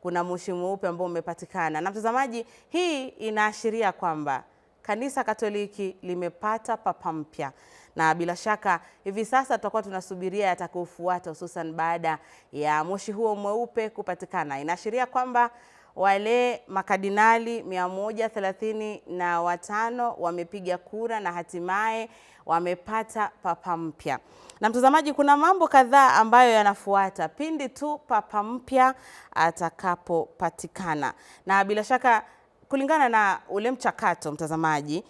kuna moshi mweupe ambao umepatikana. Na mtazamaji, hii inaashiria kwamba Kanisa Katoliki limepata papa mpya, na bila shaka hivi sasa tutakuwa tunasubiria yatakayofuata, hususan baada ya moshi huo mweupe kupatikana. Inaashiria kwamba wale makadinali mia na watano wamepiga kura na hatimaye wamepata papa mpya. Na mtazamaji, kuna mambo kadhaa ambayo yanafuata pindi tu papa mpya atakapopatikana, na bila shaka kulingana na ule mchakato, mtazamaji,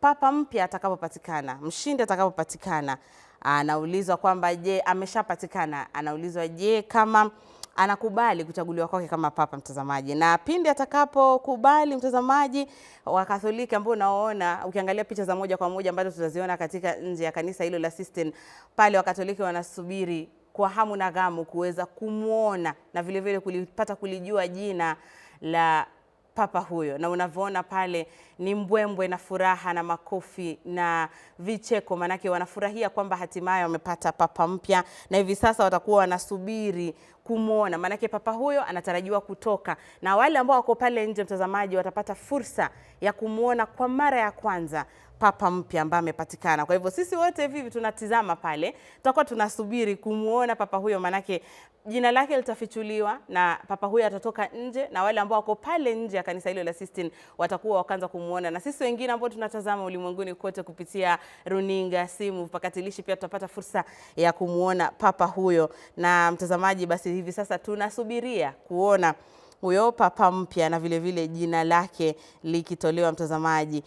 papa mpya atakapopatikana, mshindi atakapopatikana, anaulizwa kwamba je, ameshapatikana, anaulizwa je, kama anakubali kuchaguliwa kwake kama papa mtazamaji, na pindi atakapokubali mtazamaji wa Katholiki ambao unaona ukiangalia picha za moja kwa moja ambazo tutaziona katika nje ya kanisa hilo la Sistine pale, Wakatoliki wanasubiri kwa hamu na ghamu kuweza kumwona na vilevile kulipata kulijua jina la papa huyo, na unavyoona pale ni mbwembwe na furaha na makofi na vicheko, manake wanafurahia kwamba hatimaye wamepata papa mpya, na hivi sasa watakuwa wanasubiri kumwona, manake papa huyo anatarajiwa kutoka, na wale ambao wako pale nje, mtazamaji, watapata fursa ya kumwona kwa mara ya kwanza papa mpya ambaye amepatikana. Kwa hivyo sisi wote hivi tunatizama pale, tutakuwa tunasubiri kumwona papa huyo, manake jina lake litafichuliwa na papa huyo atatoka nje, na wale ambao wako pale nje ya kanisa hilo la Sistine watakuwa wakaanza kumwona, na sisi wengine ambao tunatazama ulimwenguni kote kupitia runinga, simu, pakatilishi, pia tutapata fursa ya kumwona papa huyo. Na mtazamaji, basi hivi sasa tunasubiria kuona huyo papa mpya na vilevile vile jina lake likitolewa mtazamaji.